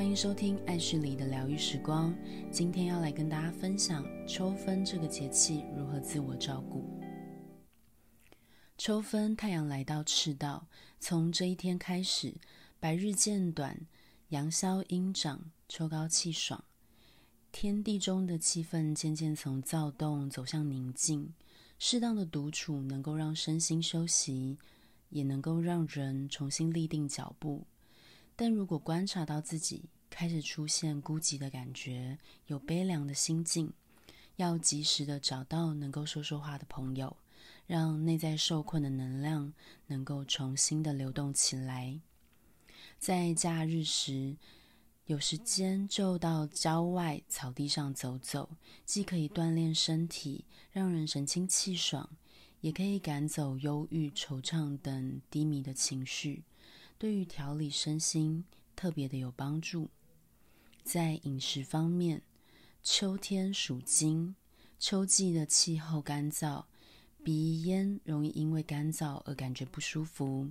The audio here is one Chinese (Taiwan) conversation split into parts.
歡迎收聽愛旭黎的療癒時光。今天要來跟大家分享秋分這個節氣如何自我照顧。秋分，太陽來到赤道，從這一天開始，白日漸短，陽消陰長，秋高氣爽，天地中的氣氛漸漸從躁動走向寧靜。適當的獨處能夠讓身心休息，也能夠讓人重新立定腳步。但如果觀察到自己開始出現孤寂的感覺，有悲涼的心境，要及時的找到能夠說說話的朋友，讓內在受困的能量能夠重新的流動起來。在假日時，有時間就到郊外草地上走走，既可以鍛鍊身體，讓人神清氣爽，也可以趕走憂鬱、惆悵、惆悵等低迷的情緒。對於調理身心特別的有幫助。在飲食方面，秋天屬金，秋季的氣候乾燥，鼻咽容易因為乾燥而感覺不舒服。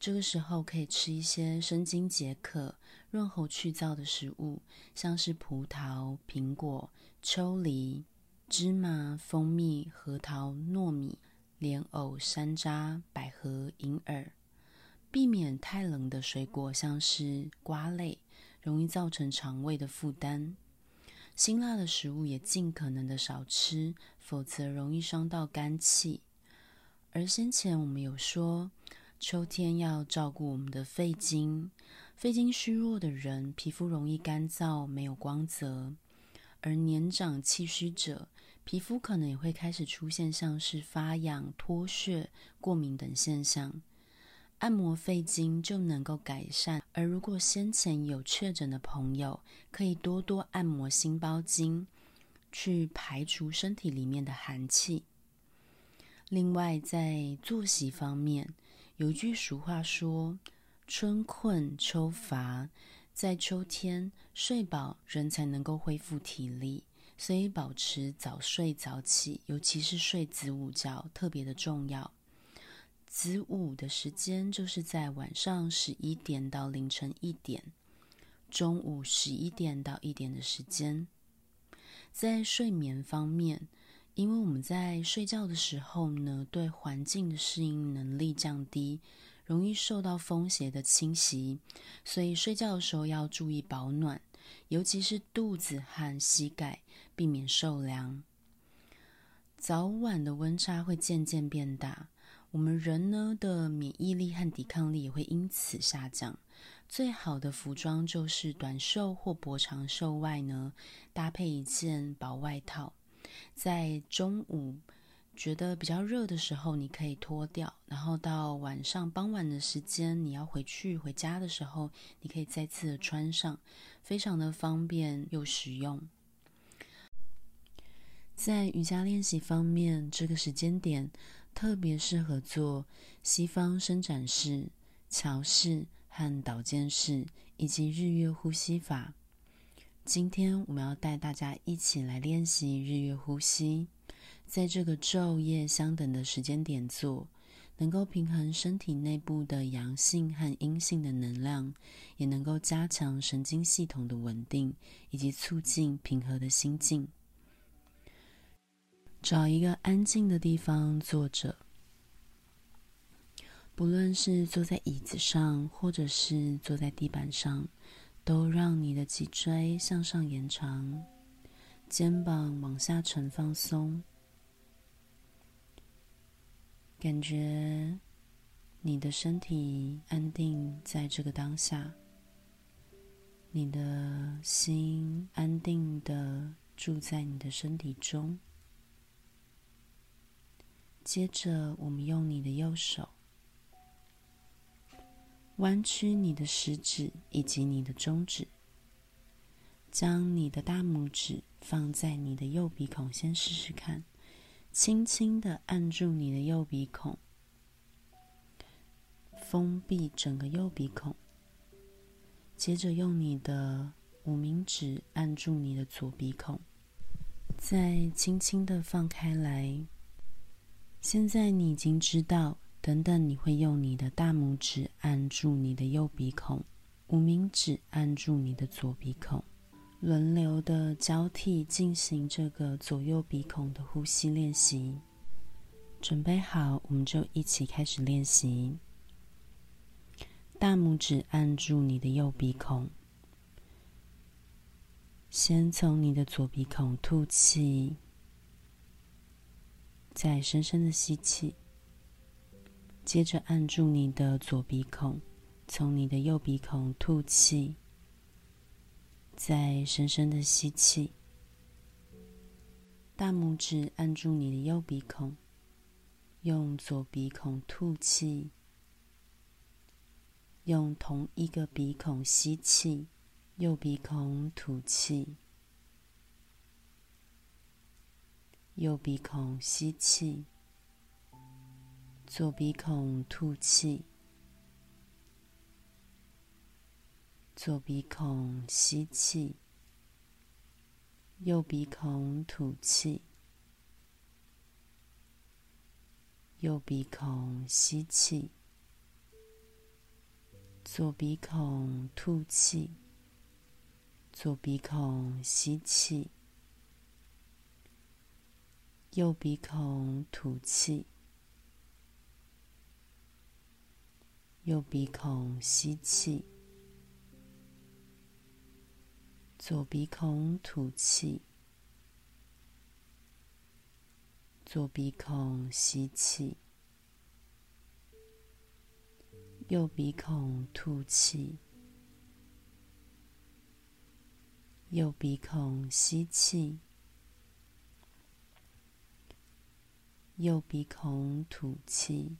這個時候可以吃一些生津解渴、潤喉去燥的食物，像是葡萄、蘋果、秋梨、芝麻、蜂蜜、核桃、核桃、糯米、蓮藕、山楂、百合、銀耳。避免太冷的水果，像是瓜類，容易造成腸胃的負擔。辛辣的食物也盡可能的少吃，否則容易傷到肝氣。而先前我們有說，秋天要照顧我們的肺經。肺經虛弱的人，皮膚容易乾燥、沒有光澤。而年長氣虛者，皮膚可能也會開始出現像是發癢、脫屑、過敏等現象。按摩肺經就能夠改善，而如果先前有確診的朋友，可以多多按摩心包經，去排除身體裡面的寒氣。另外，在作息方面，有句俗話說：“春困秋乏”，在秋天睡飽，人才能夠恢復體力，所以保持早睡早起，尤其是睡子午覺，特別的重要。子午的時間就是在晚上十一點到凌晨一點，中午十一點到一點的時間。在睡眠方面，因為我們在睡覺的時候呢，對環境的適應能力降低，容易受到風邪的侵襲，所以睡覺的時候要注意保暖，尤其是肚子和膝蓋，避免受涼。早晚的溫差會漸漸變大。我們人呢的免疫力和抵抗力也會因此下降。最好的服裝就是短袖或薄長袖外呢，搭配一件薄外套。在中午覺得比較熱的時候，你可以脫掉，然後到晚上傍晚的時間，你要回去回家的時候，你可以再次穿上，非常的方便又實用。在瑜伽練習方面，這個時間點。特別適合做西方伸展式、橋式和倒肩式，以及日月呼吸法。今天我們要帶大家一起來練習日月呼吸，在這個晝夜相等的時間點做，能夠平衡身體內部的陽性和陰性的能量，也能夠加強神經系統的穩定，以及促進平和的心境。找一個安靜的地方坐着，不論是坐在椅子上，或者是坐在地板上，都讓你的脊椎向上延長，肩膀往下沉放鬆，感覺你的身體安定在這個當下，你的心安定地住在你的身體中。接着，我們用你的右手彎曲你的食指以及你的中指，將你的大拇指放在你的右鼻孔，先試試看，輕輕的按住你的右鼻孔，封閉整個右鼻孔。接着，用你的無名指按住你的左鼻孔，再輕輕的放開來。現在你已經知道，等等，你會用你的大拇指按住你的右鼻孔，無名指按住你的左鼻孔，輪流的交替進行這個左右鼻孔的呼吸練習。準備好，我們就一起開始練習。大拇指按住你的右鼻孔，先從你的左鼻孔吐氣。再深深的吸氣，接着按住你的左鼻孔，從你的右鼻孔吐氣。再深深的吸氣，大拇指按住你的右鼻孔，用左鼻孔吐氣，用同一個鼻孔吸氣，右鼻孔吐氣。右鼻孔吸氣，左鼻孔吐氣；左鼻孔吸氣，右鼻孔吐氣；右鼻孔吸氣，右鼻孔吸氣，左鼻孔吐氣；左鼻孔吸氣。右鼻孔吐氣，右鼻孔吸氣，左鼻孔吐氣，左鼻孔吸氣，右鼻孔吐氣，右鼻孔吸氣。右鼻孔吐氣，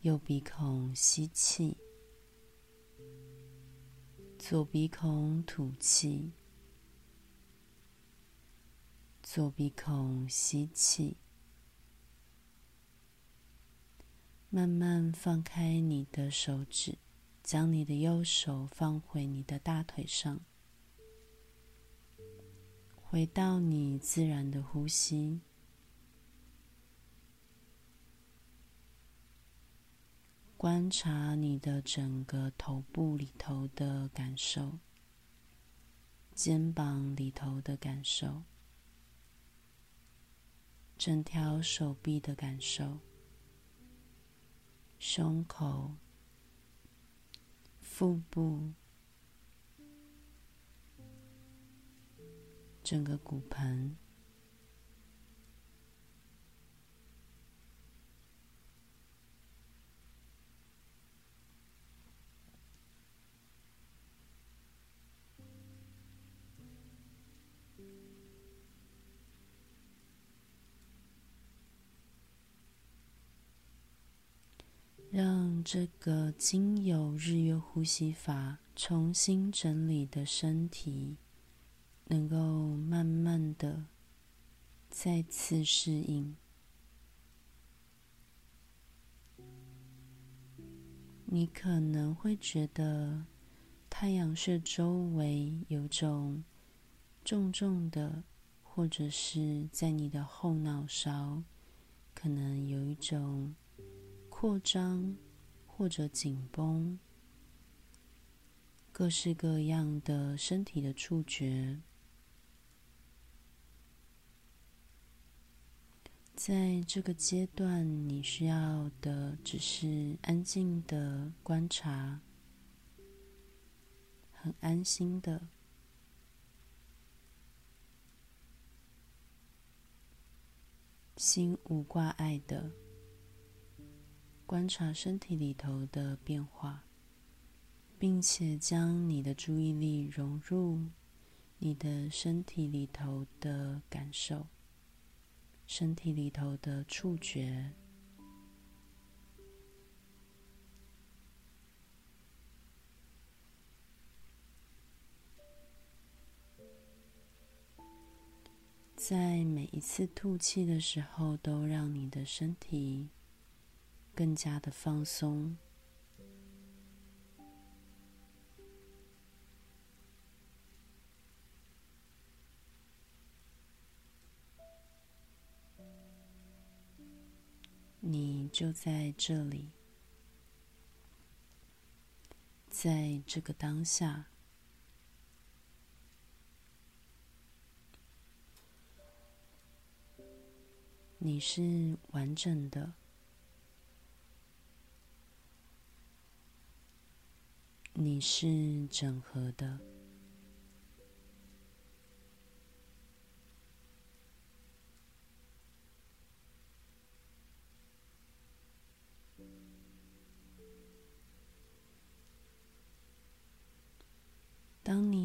右鼻孔吸氣，左鼻孔吐氣，左鼻孔吸氣。慢慢放開你的手指，將你的右手放回你的大腿上。回到你自然的呼吸，觀察你的整個頭部裡頭的感受，肩膀裡頭的感受，整條手臂的感受，胸口、腹部。整個骨盆，讓這個經由日月呼吸法重新整理的身體，能夠慢慢的再次適應，你可能會覺得太陽穴周圍有種重重的，或者是在你的後腦勺，可能有一種擴張或者緊繃，各式各樣的身體的觸覺。在這個階段，你需要的只是安靜的觀察，很安心的心無掛礙的觀察身體裡頭的變化，並且將你的注意力融入你的身體裡頭的感受。身體裡頭的觸覺，在每一次吐氣的時候，都讓你的身體更加的放鬆。就在這裡，在這個當下，你是完整的，你是整合的。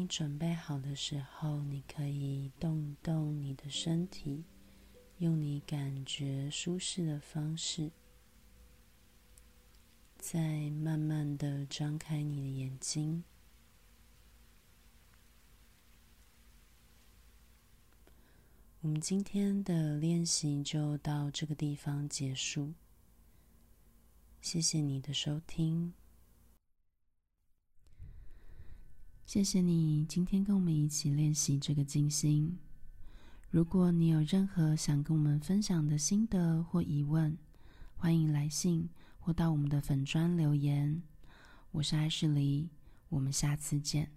準備好的時候，你可以動一動你的身體，用你感覺舒適的方式，再慢慢的張開你的眼睛。我們今天的練習就到這個地方結束。謝謝你的收聽。謝謝你今天跟我們一起練習這個靜心。如果你有任何想跟我們分享的心得或疑問，歡迎來信或到我們的粉專留言。我是愛旭黎，我們下次見。